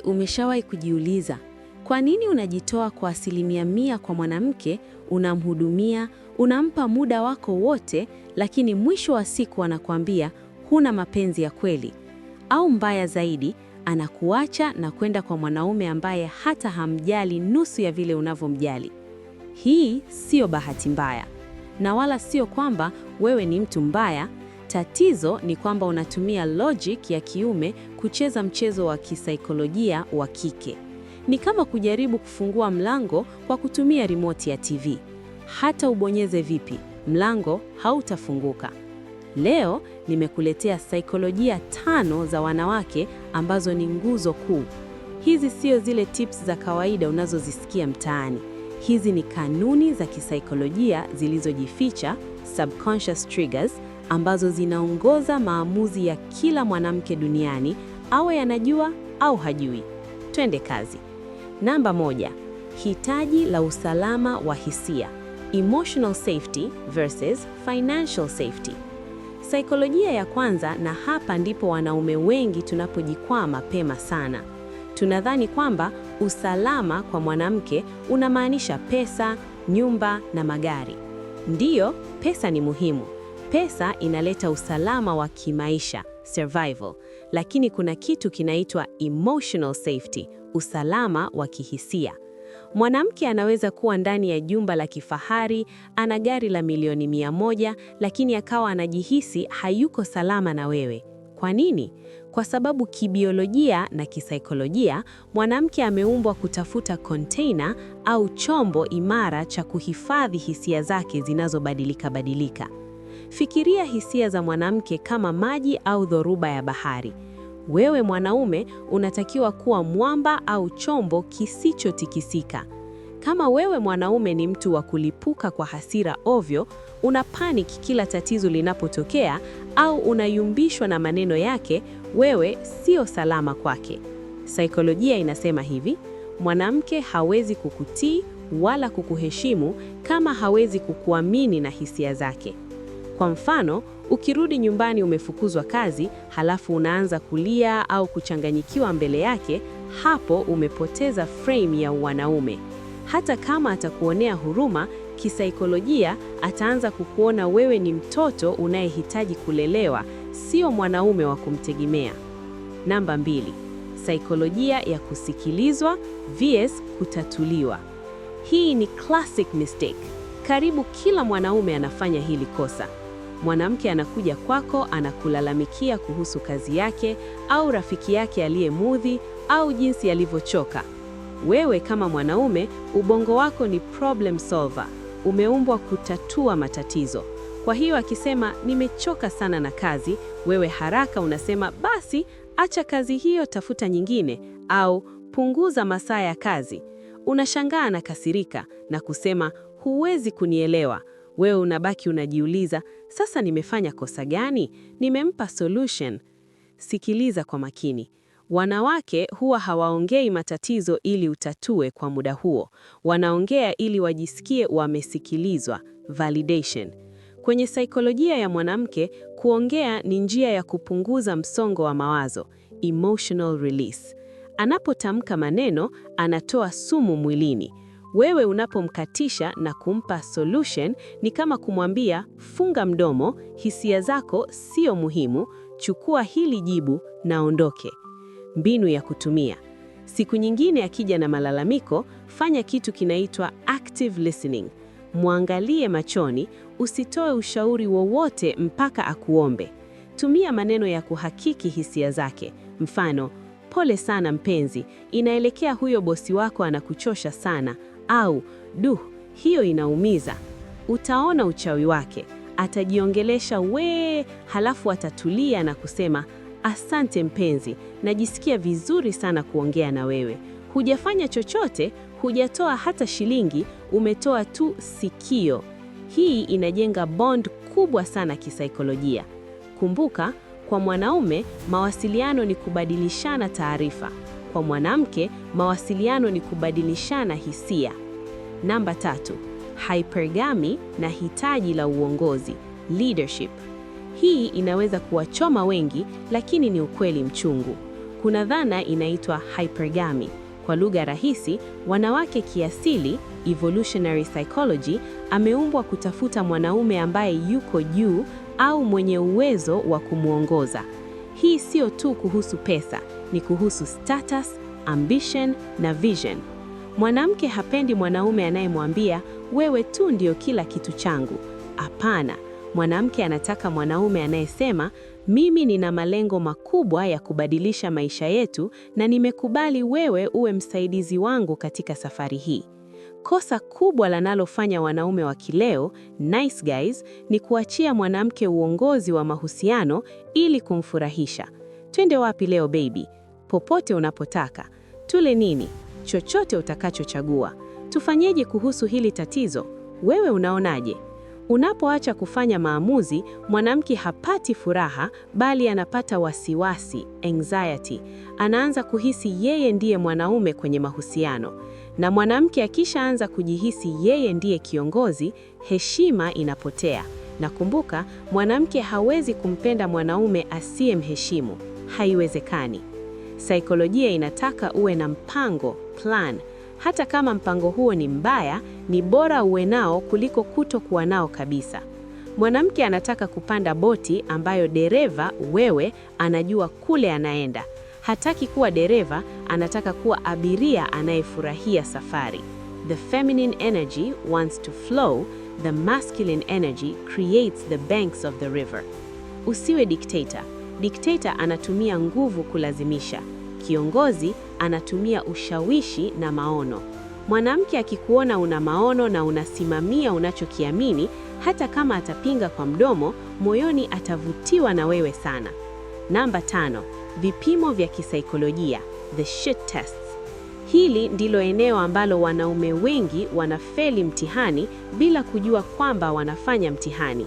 umeshawahi kujiuliza kwa nini unajitoa kwa asilimia mia kwa mwanamke, unamhudumia, unampa muda wako wote, lakini mwisho wa siku anakuambia huna mapenzi ya kweli? Au mbaya zaidi, anakuacha na kwenda kwa mwanaume ambaye hata hamjali nusu ya vile unavyomjali. Hii siyo bahati mbaya, na wala sio kwamba wewe ni mtu mbaya. Tatizo ni kwamba unatumia logic ya kiume kucheza mchezo wa kisaikolojia wa kike. Ni kama kujaribu kufungua mlango kwa kutumia remote ya TV. Hata ubonyeze vipi, mlango hautafunguka. Leo nimekuletea saikolojia tano za wanawake ambazo ni nguzo kuu. Hizi sio zile tips za kawaida unazozisikia mtaani. Hizi ni kanuni za kisaikolojia zilizojificha, subconscious triggers ambazo zinaongoza maamuzi ya kila mwanamke duniani, awe anajua au hajui. Twende kazi. Namba moja, hitaji la usalama wa hisia, emotional safety versus financial safety. Saikolojia ya kwanza, na hapa ndipo wanaume wengi tunapojikwaa mapema sana. Tunadhani kwamba usalama kwa mwanamke unamaanisha pesa, nyumba na magari. Ndiyo, pesa ni muhimu, Pesa inaleta usalama wa kimaisha, survival, lakini kuna kitu kinaitwa emotional safety, usalama wa kihisia. Mwanamke anaweza kuwa ndani ya jumba la kifahari, ana gari la milioni mia moja, lakini akawa anajihisi hayuko salama na wewe. Kwa nini? Kwa sababu kibiolojia na kisaikolojia, mwanamke ameumbwa kutafuta container au chombo imara cha kuhifadhi hisia zake zinazobadilika badilika. Fikiria hisia za mwanamke kama maji au dhoruba ya bahari. Wewe mwanaume unatakiwa kuwa mwamba au chombo kisichotikisika. Kama wewe mwanaume ni mtu wa kulipuka kwa hasira ovyo, una panic kila tatizo linapotokea au unayumbishwa na maneno yake, wewe sio salama kwake. Saikolojia inasema hivi, mwanamke hawezi kukutii wala kukuheshimu kama hawezi kukuamini na hisia zake. Kwa mfano, ukirudi nyumbani umefukuzwa kazi, halafu unaanza kulia au kuchanganyikiwa mbele yake, hapo umepoteza frame ya wanaume. Hata kama atakuonea huruma, kisaikolojia ataanza kukuona wewe ni mtoto unayehitaji kulelewa, sio mwanaume wa kumtegemea. Namba mbili, saikolojia ya kusikilizwa vs kutatuliwa. Hii ni classic mistake. Karibu kila mwanaume anafanya hili kosa mwanamke anakuja kwako, anakulalamikia kuhusu kazi yake au rafiki yake aliyemudhi au jinsi alivyochoka. Wewe kama mwanaume, ubongo wako ni problem solver, umeumbwa kutatua matatizo. Kwa hiyo akisema nimechoka sana na kazi, wewe haraka unasema basi, acha kazi hiyo, tafuta nyingine, au punguza masaa ya kazi. Unashangaa anakasirika na kusema huwezi kunielewa, wewe unabaki unajiuliza, sasa nimefanya kosa gani? Nimempa solution. Sikiliza kwa makini. Wanawake huwa hawaongei matatizo ili utatue kwa muda huo. Wanaongea ili wajisikie wamesikilizwa, validation. Kwenye saikolojia ya mwanamke, kuongea ni njia ya kupunguza msongo wa mawazo, emotional release. Anapotamka maneno, anatoa sumu mwilini. Wewe unapomkatisha na kumpa solution ni kama kumwambia funga mdomo, hisia zako sio muhimu, chukua hili jibu na ondoke. Mbinu ya kutumia: siku nyingine akija na malalamiko, fanya kitu kinaitwa active listening. Mwangalie machoni, usitoe ushauri wowote mpaka akuombe. Tumia maneno ya kuhakiki hisia zake, mfano pole sana mpenzi, inaelekea huyo bosi wako anakuchosha sana au duh, hiyo inaumiza. Utaona uchawi wake, atajiongelesha wee, halafu atatulia na kusema asante mpenzi, najisikia vizuri sana kuongea na wewe. Hujafanya chochote, hujatoa hata shilingi, umetoa tu sikio. Hii inajenga bond kubwa sana kisaikolojia. Kumbuka, kwa mwanaume mawasiliano ni kubadilishana taarifa kwa mwanamke, mawasiliano ni kubadilishana hisia. Namba tatu, hypergamy na hitaji la uongozi, leadership. Hii inaweza kuwachoma wengi, lakini ni ukweli mchungu. Kuna dhana inaitwa hypergamy. Kwa lugha rahisi, wanawake kiasili, evolutionary psychology, ameumbwa kutafuta mwanaume ambaye yuko juu au mwenye uwezo wa kumwongoza. Hii sio tu kuhusu pesa, ni kuhusu status, ambition na vision. Mwanamke hapendi mwanaume anayemwambia wewe tu ndio kila kitu changu. Hapana, mwanamke anataka mwanaume anayesema mimi nina malengo makubwa ya kubadilisha maisha yetu na nimekubali wewe uwe msaidizi wangu katika safari hii. Kosa kubwa linalofanya wanaume wa kileo, nice guys, ni kuachia mwanamke uongozi wa mahusiano ili kumfurahisha. Twende wapi leo baby? popote unapotaka. Tule nini? Chochote utakachochagua. Tufanyeje kuhusu hili tatizo? Wewe unaonaje? Unapoacha kufanya maamuzi, mwanamke hapati furaha bali anapata wasiwasi, anxiety. Anaanza kuhisi yeye ndiye mwanaume kwenye mahusiano. Na mwanamke akishaanza kujihisi yeye ndiye kiongozi, heshima inapotea. Na kumbuka, mwanamke hawezi kumpenda mwanaume asiyemheshimu. Haiwezekani. Saikolojia inataka uwe na mpango plan. Hata kama mpango huo ni mbaya, ni bora uwe nao kuliko kutokuwa nao kabisa. Mwanamke anataka kupanda boti ambayo dereva wewe anajua kule anaenda. Hataki kuwa dereva, anataka kuwa abiria anayefurahia safari. The feminine energy wants to flow, the masculine energy creates the banks of the river. Usiwe dictator. Dikteta anatumia nguvu kulazimisha, kiongozi anatumia ushawishi na maono. Mwanamke akikuona una maono na unasimamia unachokiamini, hata kama atapinga kwa mdomo, moyoni atavutiwa na wewe sana. Namba tano, vipimo vya kisaikolojia, the shit tests. Hili ndilo eneo ambalo wanaume wengi wanafeli mtihani bila kujua kwamba wanafanya mtihani.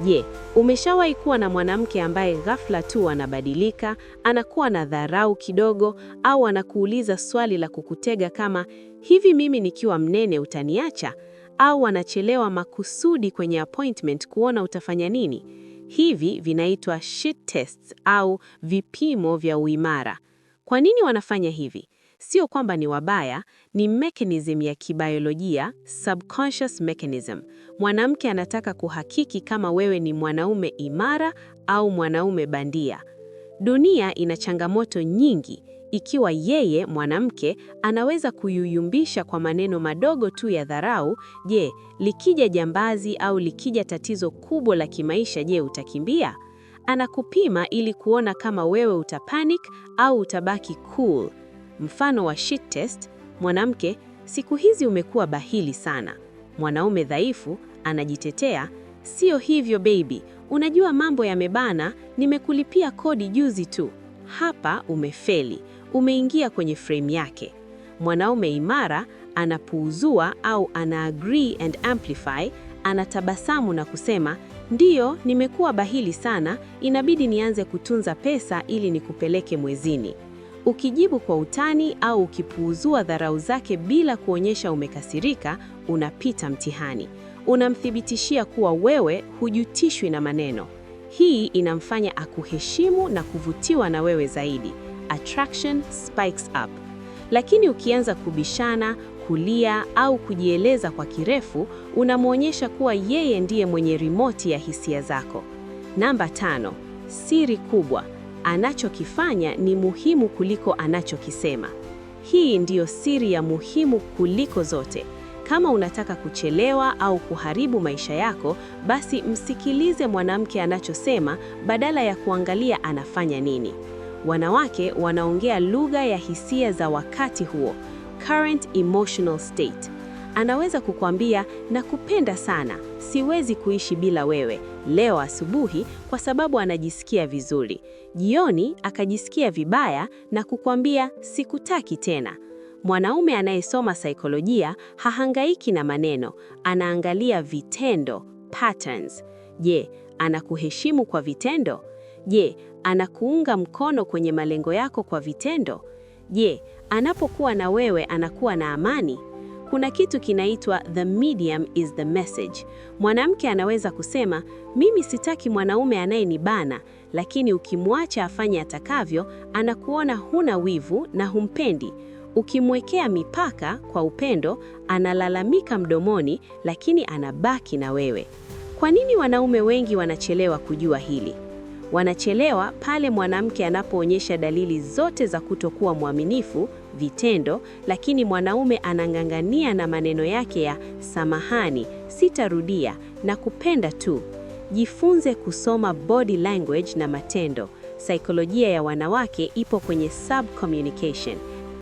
Je, umeshawahi kuwa na mwanamke ambaye ghafla tu anabadilika, anakuwa na dharau kidogo, au anakuuliza swali la kukutega kama hivi, mimi nikiwa mnene utaniacha? Au anachelewa makusudi kwenye appointment kuona utafanya nini? Hivi vinaitwa shit tests au vipimo vya uimara. Kwa nini wanafanya hivi? Sio kwamba ni wabaya, ni mechanism ya kibiolojia, subconscious mechanism. Mwanamke anataka kuhakiki kama wewe ni mwanaume imara au mwanaume bandia. Dunia ina changamoto nyingi. Ikiwa yeye mwanamke anaweza kuyuyumbisha kwa maneno madogo tu ya dharau, je, likija jambazi au likija tatizo kubwa la kimaisha, je, utakimbia? Anakupima ili kuona kama wewe utapanic au utabaki cool. Mfano wa shit test: mwanamke, siku hizi umekuwa bahili sana. Mwanaume dhaifu anajitetea, sio hivyo baby, unajua mambo yamebana, nimekulipia kodi juzi tu. Hapa umefeli, umeingia kwenye frame yake. Mwanaume imara anapuuzua au ana agree and amplify, anatabasamu na kusema ndiyo, nimekuwa bahili sana, inabidi nianze kutunza pesa ili nikupeleke mwezini. Ukijibu kwa utani au ukipuuzua dharau zake bila kuonyesha umekasirika, unapita mtihani. Unamthibitishia kuwa wewe hujutishwi na maneno. Hii inamfanya akuheshimu na kuvutiwa na wewe zaidi. Attraction spikes up. Lakini ukianza kubishana, kulia au kujieleza kwa kirefu, unamwonyesha kuwa yeye ndiye mwenye rimoti ya hisia zako. Namba tano, siri kubwa. Anachokifanya ni muhimu kuliko anachokisema. Hii ndiyo siri ya muhimu kuliko zote. Kama unataka kuchelewa au kuharibu maisha yako, basi msikilize mwanamke anachosema badala ya kuangalia anafanya nini. Wanawake wanaongea lugha ya hisia za wakati huo, current emotional state. Anaweza kukwambia nakupenda sana, siwezi kuishi bila wewe, leo asubuhi, kwa sababu anajisikia vizuri. Jioni akajisikia vibaya na kukwambia sikutaki tena. Mwanaume anayesoma saikolojia hahangaiki na maneno, anaangalia vitendo, patterns. Je, anakuheshimu kwa vitendo? Je, anakuunga mkono kwenye malengo yako kwa vitendo? Je, anapokuwa na wewe anakuwa na amani? kuna kitu kinaitwa the medium is the message. Mwanamke anaweza kusema mimi sitaki mwanaume anayenibana, lakini ukimwacha afanye atakavyo, anakuona huna wivu na humpendi. Ukimwekea mipaka kwa upendo, analalamika mdomoni, lakini anabaki na wewe. Kwa nini wanaume wengi wanachelewa kujua hili? Wanachelewa pale mwanamke anapoonyesha dalili zote za kutokuwa mwaminifu, vitendo, lakini mwanaume anang'ang'ania na maneno yake ya samahani, sitarudia na kupenda tu. Jifunze kusoma body language na matendo. Saikolojia ya wanawake ipo kwenye subcommunication.